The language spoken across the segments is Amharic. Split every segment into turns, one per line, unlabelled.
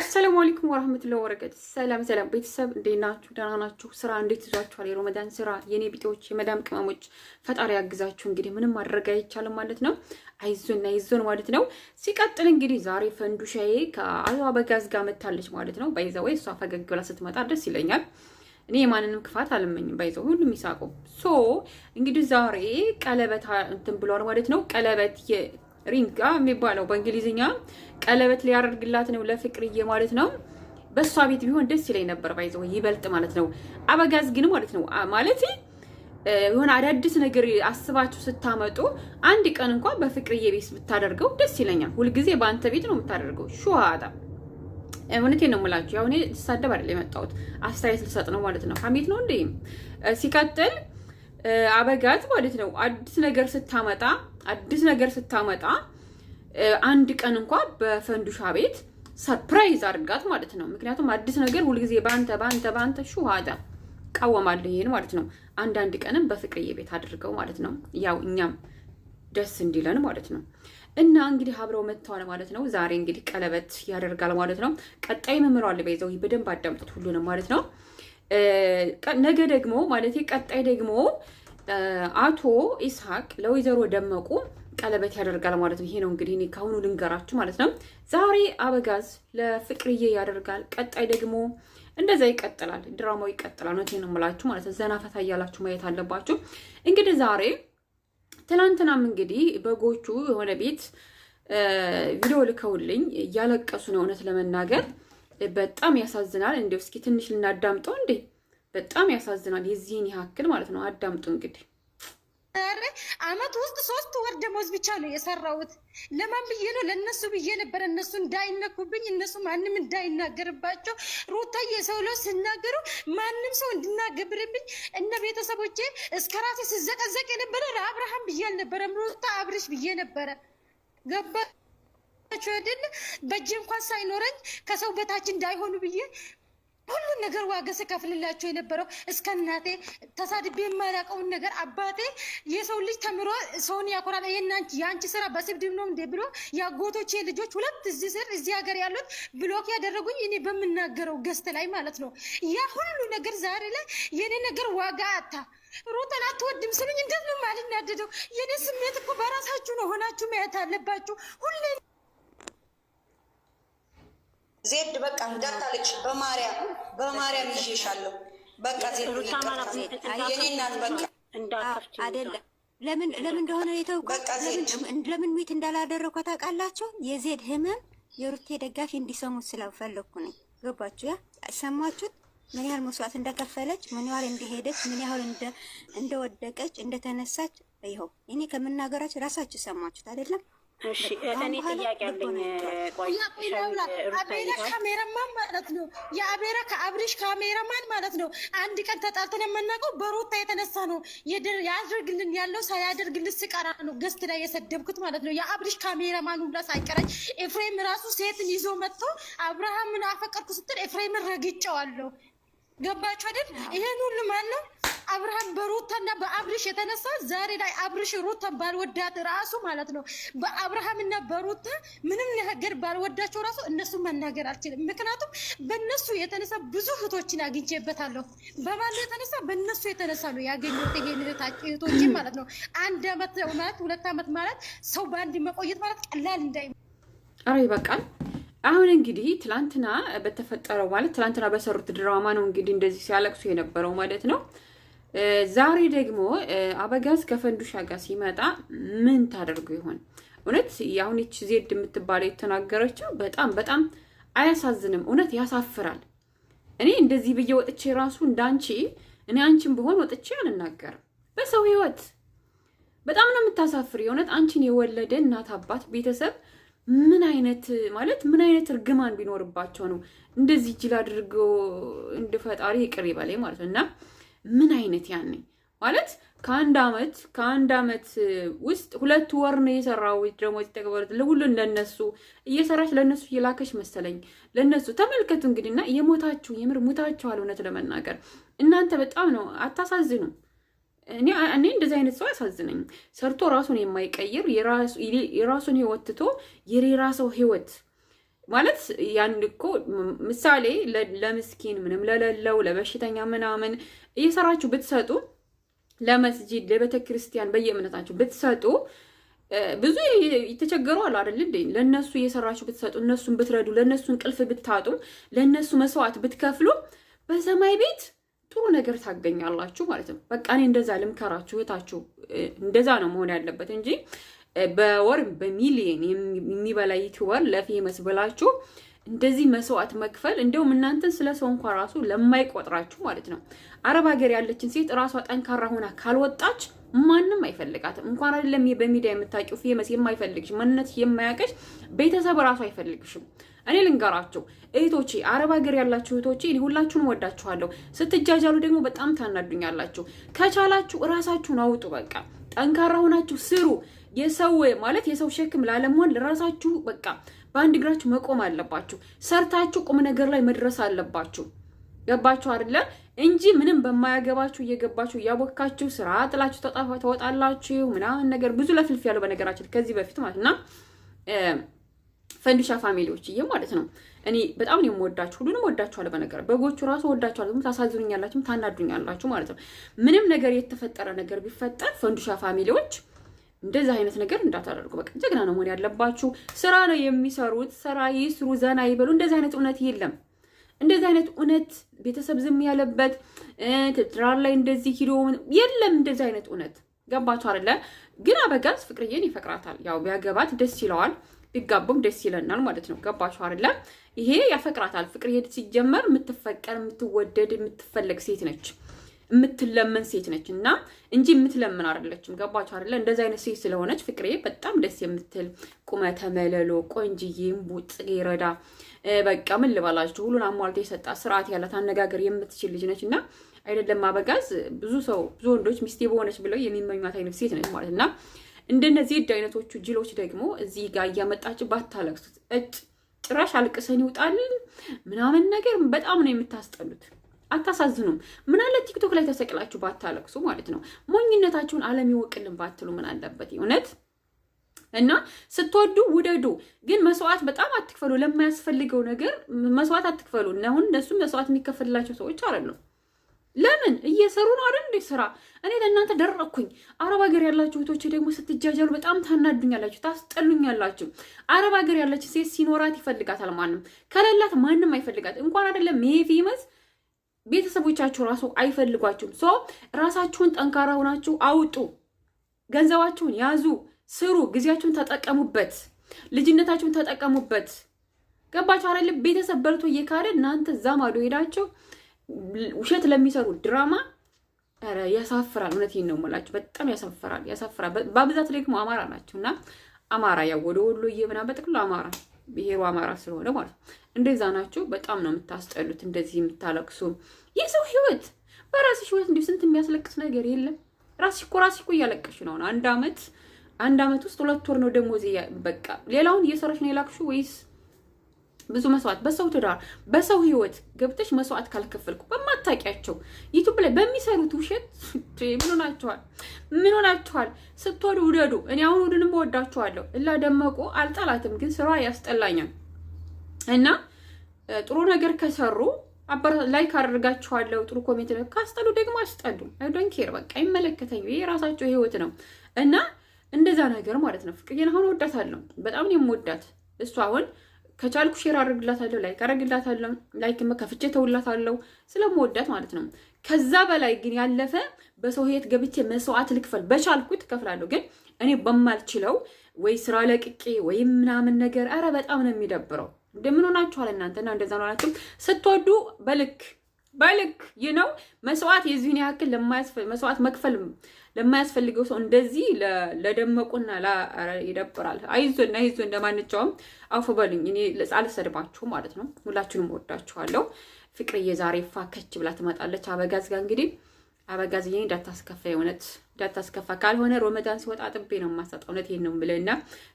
አሰላሙ አለይኩም ወራህመቱላሂ ወበረካቱ። ሰላም ሰላም ቤተሰብ እንዴት ናችሁ? ደህና ናችሁ? ስራ እንዴት ይዟችኋል? የረመዳን ስራ የኔ ቢጤዎች፣ የመዳም ቅመሞች ፈጣሪ ያግዛችሁ። እንግዲህ ምንም ማድረግ አይቻልም ማለት ነው። አይዞን አይዞን ማለት ነው። ሲቀጥል እንግዲህ ዛሬ ፈንዱሻዬ ከአቶ አበጋዝ ጋር መታለች ማለት ነው። ባይዘው እሷ ፈገግ ብላ ስትመጣ ደስ ይለኛል። እኔ የማንንም ክፋት አልመኝም። ባይዘው ሁሉም ይሳቀው። ሶ እንግዲህ ዛሬ ቀለበት እንትን ብሏል ማለት ነው። ቀለበት ሪንጋ የሚባለው በእንግሊዝኛ ቀለበት ሊያደርግላት ነው ለፍቅርዬ ማለት ነው። በእሷ ቤት ቢሆን ደስ ይለኝ ነበር፣ ባይዘው ይበልጥ ማለት ነው። አበጋዝ ግን ማለት ነው ማለት የሆነ አዳዲስ ነገር አስባችሁ ስታመጡ አንድ ቀን እንኳን በፍቅርዬ ቤት ብታደርገው ደስ ይለኛል። ሁልጊዜ በአንተ ቤት ነው የምታደርገው። ሹሃዳ እውነቴ ነው የምላችሁ። ያው እኔ ልሳደብ አይደል የመጣሁት አስተያየት ልሰጥ ነው ማለት ነው። ሀሜት ነው እንደ ሲቀጥል አበጋዝ ማለት ነው አዲስ ነገር ስታመጣ አዲስ ነገር ስታመጣ አንድ ቀን እንኳ በፈንዱሻ ቤት ሰርፕራይዝ አድርጋት ማለት ነው። ምክንያቱም አዲስ ነገር ሁልጊዜ በአንተ በአንተ በአንተ ሹሃዳ እቃወማለሁ ይሄን ማለት ነው። አንዳንድ ቀንም በፍቅርዬ ቤት አድርገው ማለት ነው። ያው እኛም ደስ እንዲለን ማለት ነው። እና እንግዲህ አብረው መጥተዋል ማለት ነው። ዛሬ እንግዲህ ቀለበት ያደርጋል ማለት ነው። ቀጣይ መምሯል በይዘው በደንብ አዳምጡት ሁሉንም ማለት ነው። ነገ ደግሞ ማለት ቀጣይ ደግሞ አቶ ኢስሐቅ ለወይዘሮ ደመቁ ቀለበት ያደርጋል ማለት ነው። ይሄ ነው እንግዲህ እኔ ልንገራችሁ ማለት ነው። ዛሬ አበጋዝ ለፍቅርዬ ያደርጋል። ቀጣይ ደግሞ እንደዛ ይቀጥላል፣ ድራማው ይቀጥላል። እውነቴን ነው የምላችሁ ማለት ነው። ዘና ፈታ እያላችሁ ማየት አለባችሁ። እንግዲህ ዛሬ ትናንትናም እንግዲህ በጎቹ የሆነ ቤት ቪዲዮ ልከውልኝ እያለቀሱ ነው። እውነት ለመናገር በጣም ያሳዝናል። እንዲ እስኪ ትንሽ ልናዳምጠው እንዴ በጣም ያሳዝናል። የዚህን ያክል ማለት ነው። አዳምጡ እንግዲህ አመት ውስጥ ሶስት ወር ደሞዝ ብቻ ነው የሰራሁት። ለማን ብዬ ነው? ለእነሱ ብዬ ነበር፣ እነሱ እንዳይነኩብኝ፣ እነሱ ማንም እንዳይናገርባቸው። ሩታ የሰው ለው ስናገሩ ማንም ሰው እንድናገብርብኝ እነ ቤተሰቦቼ እስከ ራሴ ስዘቀዘቅ የነበረ ለአብርሃም ብዬ አልነበረም፣ ሩታ አብርሽ ብዬ ነበረ። ገባ አይደል? በእጅ እንኳን ሳይኖረኝ ከሰው በታች እንዳይሆኑ ብዬ ሁሉን ነገር ዋጋ ስከፍልላቸው የነበረው እስከ እናቴ ተሳድቤ የማላውቀውን ነገር አባቴ የሰው ልጅ ተምሮ ሰውን ያኮራል። የአንቺ ስራ በስድብ ነው እንዴ ብሎ የአጎቶቼ ልጆች ሁለት እዚህ ስር እዚህ ሀገር ያሉት ብሎክ ያደረጉኝ እኔ በምናገረው ገስት ላይ ማለት ነው። ያ ሁሉ ነገር ዛሬ ላይ የኔ ነገር ዋጋ አታ ሩጠን አትወድም ስሉኝ እንደት ነው የማልናደደው? የኔ ስሜት እኮ በራሳችሁ ነው ሆናችሁ መያት አለባችሁ ሁሌ ዜድ በቃ እንዳታለች በማርያም በማርያም ይዤሻለሁ። በቃ ዜድ የኔ እናት በቃ አይደለም። ለምን ለምን እንደሆነ የተውኩት ለምን ሚት እንዳላደረኩ ታውቃላችሁ? የዜድ ህመም የሩቴ ደጋፊ እንዲሰሙት ስላልፈለግኩ ነው። ገባችሁ? ያ ሰማችሁት? ምን ያህል መስዋዕት እንደከፈለች፣ ምን ያህል እንደሄደች፣ ምን ያህል እንደወደቀች፣ እንደተነሳች። ይኸው እኔ ከምናገራችሁ ራሳችሁ ሰማችሁት አይደለም? እሺ እኔ ጥያቄ አለኝ። ካሜራማን ማለት ነው። የአቤራ ከአብሪሽ ካሜራማን ማለት ነው። አንድ ቀን ተጣልተን የምናውቀው በሮታ የተነሳ ነው። ያደርግልን ያለው ሳያደርግልን ስቀራ ነው ገስት ላይ የሰደብኩት ማለት ነው። የአብሪሽ ካሜራማን ሁላ ሳይቀረኝ ኤፍሬም ራሱ ሴትን ይዞ መጥቶ አብርሃምን አፈቀርኩ ስትል ኤፍሬምን ረግጬዋለሁ። ገባችሁ አይደል? ይሄን ሁሉ ማን ነው አብርሃም በሩታና በአብርሽ የተነሳ ዛሬ ላይ አብርሽ ሩታ ባልወዳት ራሱ ማለት ነው በአብርሃምና በሩታ ምንም ነገር ባልወዳቸው ራሱ እነሱ መናገር አልችልም። ምክንያቱም በነሱ የተነሳ ብዙ እህቶችን አግኝቼበታለሁ። በማን የተነሳ በነሱ የተነሳ ነው ያገኙት ይሄን እህቶችን ማለት ነው። አንድ አመት ማለት ሁለት አመት ማለት ሰው በአንድ መቆየት ማለት ቀላል እንዳይ አረ ይበቃል። አሁን እንግዲህ ትላንትና በተፈጠረው ማለት ትላንትና በሰሩት ድራማ ነው እንግዲህ እንደዚህ ሲያለቅሱ የነበረው ማለት ነው። ዛሬ ደግሞ አበጋዝ ከፈንዱሻ ጋር ሲመጣ ምን ታደርጉ ይሆን? እውነት የአሁን ዜድ የምትባለው የተናገረችው በጣም በጣም አያሳዝንም? እውነት ያሳፍራል። እኔ እንደዚህ ብዬ ወጥቼ ራሱ እንዳንቺ እኔ አንቺን ብሆን ወጥቼ አልናገርም በሰው ህይወት። በጣም ነው የምታሳፍሪ። የእውነት አንቺን የወለደ እናት አባት ቤተሰብ ምን አይነት ማለት ምን አይነት እርግማን ቢኖርባቸው ነው እንደዚህ ጅል አድርገው እንደ ፈጣሪ ይቅር ይበለኝ ማለት ነው እና ምን አይነት ያኔ ማለት ከአንድ አመት ከአንድ አመት ውስጥ ሁለት ወር ነው የሰራው ደግሞ የተቀበሉት ለሁሉ ለነሱ እየሰራች ለነሱ እየላከች መሰለኝ ለነሱ ተመልከቱ እንግዲህ እና የሞታችሁ የምር ሞታችኋል እውነት ለመናገር እናንተ በጣም ነው አታሳዝኑ እኔ እኔ እንደዚህ አይነት ሰው አያሳዝነኝ ሰርቶ ራሱን የማይቀይር የራሱን ህይወት ትቶ የሌላ ሰው ህይወት ማለት ያን እኮ ምሳሌ ለምስኪን ምንም ለሌለው ለበሽተኛ ምናምን እየሰራችሁ ብትሰጡ ለመስጂድ ለቤተ ክርስቲያን በየእምነታችሁ ብትሰጡ ብዙ የተቸገሩ አሉ አይደል እንዴ? ለእነሱ እየሰራችሁ ብትሰጡ እነሱን ብትረዱ ለእነሱ እንቅልፍ ብታጡ ለእነሱ መስዋዕት ብትከፍሉ በሰማይ ቤት ጥሩ ነገር ታገኛላችሁ ማለት ነው። በቃ እኔ እንደዛ ልምከራችሁ እህታችሁ፣ እንደዛ ነው መሆን ያለበት እንጂ በወር በሚሊየን የሚበላ ዩቲዩበር ለፌመስ ብላችሁ እንደዚህ መስዋዕት መክፈል እንደውም እናንተን ስለ ሰው እንኳ ራሱ ለማይቆጥራችሁ ማለት ነው። አረብ ሀገር ያለችን ሴት ራሷ ጠንካራ ሆና ካልወጣች ማንም አይፈልጋትም። እንኳን አይደለም በሚዲያ የምታውቂው ፌመስ የማይፈልግሽ ማንነት የማያውቅሽ ቤተሰብ ራሱ አይፈልግሽም። እኔ ልንገራቸው እህቶቼ፣ አረብ ሀገር ያላችሁ እህቶቼ ሁላችሁን ወዳችኋለሁ። ስትጃጃሉ ደግሞ በጣም ታናዱኛላችሁ። ከቻላችሁ እራሳችሁን አውጡ። በቃ ጠንካራ ሆናችሁ ስሩ። የሰው ማለት የሰው ሸክም ላለመሆን ለራሳችሁ በቃ በአንድ እግራችሁ መቆም አለባችሁ። ሰርታችሁ ቁም ነገር ላይ መድረስ አለባችሁ። ገባችሁ አይደለ? እንጂ ምንም በማያገባችሁ እየገባችሁ እያቦካችሁ ስራ ጥላችሁ ተወጣላችሁ ምናምን ነገር ብዙ ለፍልፍ ያለው በነገራችን ከዚህ በፊት ማለት እና ፈንዱሻ ፋሚሊዎች እየ ማለት ነው። እኔ በጣም ነው የምወዳችሁ፣ ሁሉንም ወዳችኋለሁ። በነገር በጎቹ ራሱ ወዳችኋለሁ። ታሳዝኑኛላችሁም ታናዱኛላችሁ ማለት ነው። ምንም ነገር የተፈጠረ ነገር ቢፈጠር ፈንዱሻ ፋሚሊዎች እንደዚህ አይነት ነገር እንዳታደርጉ። በቃ ጀግና ነው መሆን ያለባችሁ። ስራ ነው የሚሰሩት። ስራ ይስሩ፣ ዘና ይበሉ። እንደዚህ አይነት እውነት የለም። እንደዚህ አይነት እውነት ቤተሰብ ዝም ያለበት ትዳር ላይ እንደዚህ ሂዶ የለም። እንደዚህ አይነት እውነት ገባችሁ አይደለ? ግን አበጋዝ ፍቅርዬን ይፈቅራታል። ያው ቢያገባት ደስ ይለዋል፣ ቢጋቡም ደስ ይለናል ማለት ነው። ገባችሁ አይደለ? ይሄ ያፈቅራታል። ፍቅርዬ ሲጀመር የምትፈቀር የምትወደድ የምትፈለግ ሴት ነች። የምትለመን ሴት ነች እና እንጂ የምትለምን አይደለችም። ገባችሁ አይደለ? እንደዚ አይነት ሴት ስለሆነች ፍቅሬ በጣም ደስ የምትል ቁመተ መለሎ ቆንጅዬም ቡጥጌ ይረዳ በቃ ምን ልበላችሁ ሁሉን አሟልቶ የሰጣ ስርዓት ያላት አነጋገር የምትችል ልጅ ነች እና አይደለም አበጋዝ ብዙ ሰው ብዙ ወንዶች ሚስቴ በሆነች ብለው የሚመኟት አይነት ሴት ነች ማለት እና እንደነዚህ እድ አይነቶቹ ጅሎች ደግሞ እዚህ ጋር እያመጣች ባታለቅሱት እጭ ጭራሽ አልቅሰን ይውጣልን ምናምን ነገር በጣም ነው የምታስጠሉት። አታሳዝኑም? ምን አለ ቲክቶክ ላይ ተሰቅላችሁ ባታለቅሱ ማለት ነው። ሞኝነታችሁን ዓለም ይወቅልን ባትሉ ምን አለበት እውነት። እና ስትወዱ ውደዱ፣ ግን መስዋዕት በጣም አትክፈሉ። ለማያስፈልገው ነገር መስዋዕት አትክፈሉ። አሁን እነሱም መስዋዕት የሚከፈልላቸው ሰዎች አይደሉም። ለምን እየሰሩ ነው አይደል? እንዴ ስራ እኔ ለእናንተ ደረኩኝ። አረብ ሀገር ያላችሁ እህቶች ደግሞ ስትጃጃሉ በጣም ታናዱኛላችሁ፣ ታስጠሉኛላችሁ። አረብ ሀገር ያለች ሴት ሲኖራት ይፈልጋታል ማንም፣ ከሌላት ማንም አይፈልጋት። እንኳን አይደለም ይሄ ፌመስ ቤተሰቦቻችሁ ራሱ አይፈልጓችሁም። ሶ ራሳችሁን ጠንካራ ሆናችሁ አውጡ፣ ገንዘባችሁን ያዙ፣ ስሩ፣ ጊዜያችሁን ተጠቀሙበት፣ ልጅነታችሁን ተጠቀሙበት። ገባችሁ አይደለም? ቤተሰብ በልቶ እየካደ እናንተ እዛ ማዶ ሄዳችሁ ውሸት ለሚሰሩ ድራማ ያሳፍራል። እውነቴን ነው የምላችሁ፣ በጣም ያሳፍራል፣ ያሳፍራል። በብዛት ደግሞ አማራ ናቸው እና አማራ ያው ወደ ወሎ እየምና በጥቅሉ አማራ ብሔሩ አማራ ስለሆነ ማለት ነው። እንደዛ ናቸው። በጣም ነው የምታስጠሉት። እንደዚህ የምታለቅሱ የሰው ህይወት በራስሽ ህይወት እንዲሁ ስንት የሚያስለቅስ ነገር የለም። ራስሽ እኮ ራስሽ እኮ እያለቀሽ ነው። አንድ አመት አንድ አመት ውስጥ ሁለት ወር ነው ደሞዝ። በቃ ሌላውን እየሰራሽ ነው የላክሹ ወይስ ብዙ መስዋዕት በሰው ትዳር በሰው ህይወት ገብተሽ መስዋዕት ካልከፈልኩ በማታውቂያቸው ዩቱብ ላይ በሚሰሩት ውሸት ምን ሆናችኋል? ምን ሆናችኋል? ስትወዱ ውደዱ። እኔ አሁን ውድንም ወዳችኋለሁ። እላ ደመቁ አልጠላትም፣ ግን ስራ ያስጠላኛል እና ጥሩ ነገር ከሰሩ ላይክ አድርጋችኋለሁ። ጥሩ ኮሜንት ነው። ካስጠሉ ደግሞ አስጠሉ። ዶንኬር በቃ ይመለከተኝ። ይሄ የራሳቸው ህይወት ነው እና እንደዛ ነገር ማለት ነው። ፍቅሬን አሁን ወዳታለሁ። በጣም ነው የምወዳት እሷ አሁን ከቻልኩ ሼር አድርግላታለሁ፣ ላይክ አድርግላታለሁ፣ ላይክ ከፍቼ ተውላታለሁ ስለምወዳት ማለት ነው። ከዛ በላይ ግን ያለፈ በሰው ህይወት ገብቼ መስዋዕት ልክፈል በቻልኩት እከፍላለሁ። ግን እኔ በማልችለው ወይ ስራ ለቅቄ ወይም ምናምን ነገር አረ በጣም ነው የሚደብረው። እንደምን ሆናችኋል እናንተ? እና እንደዛ ነው ናቸው ስትወዱ በልክ በልክ ይህ ነው መስዋዕት የዚህን ያክል ለማያስፈል መስዋዕት መክፈል ለማያስፈልገው ሰው እንደዚህ ለደመቁና ይደብራል። አይዞን አይዞን፣ ለማንኛውም አፉ በሉኝ። እኔ አልሰድባችሁ ማለት ነው። ሁላችሁንም ወዳችኋለሁ። ፍቅርዬ ዛሬ ፋከች ብላ ትመጣለች። አበጋዝ ጋር እንግዲህ አበጋዝ ይሄ እንዳታስከፋ የእውነት እንዳታስከፋ፣ ካልሆነ ሮመዳን ሲወጣ ጥቤ ነው የማሳጣው። እውነት ይሄን ነው የምልህ እና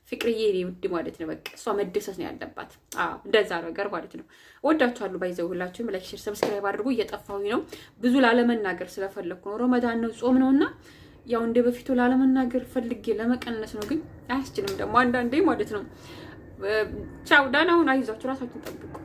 ፍቅርዬ እኔ ውድ ማለት ነው በቃ እሷ መደሰት ነው ያለባት። አዎ እንደዛ ነገር ማለት ነው። ወዳችኋለሁ። ባይዘው ሁላችሁም ላይክ፣ ሼር፣ ሰብስክራይብ አድርጉ። እየጠፋሁኝ ነው ብዙ ላለመናገር ስለፈለግኩ ነው። ሮመዳን ነው ጾም ነውና ያው እንደ በፊቱ ላለመናገር ፈልጌ ለመቀነስ ነው፣ ግን አያስችልም ደግሞ አንዳንዴ ማለት ነው። ቻው ዳናሁን፣ አይዟችሁ ራሳችሁን ጠብቁ።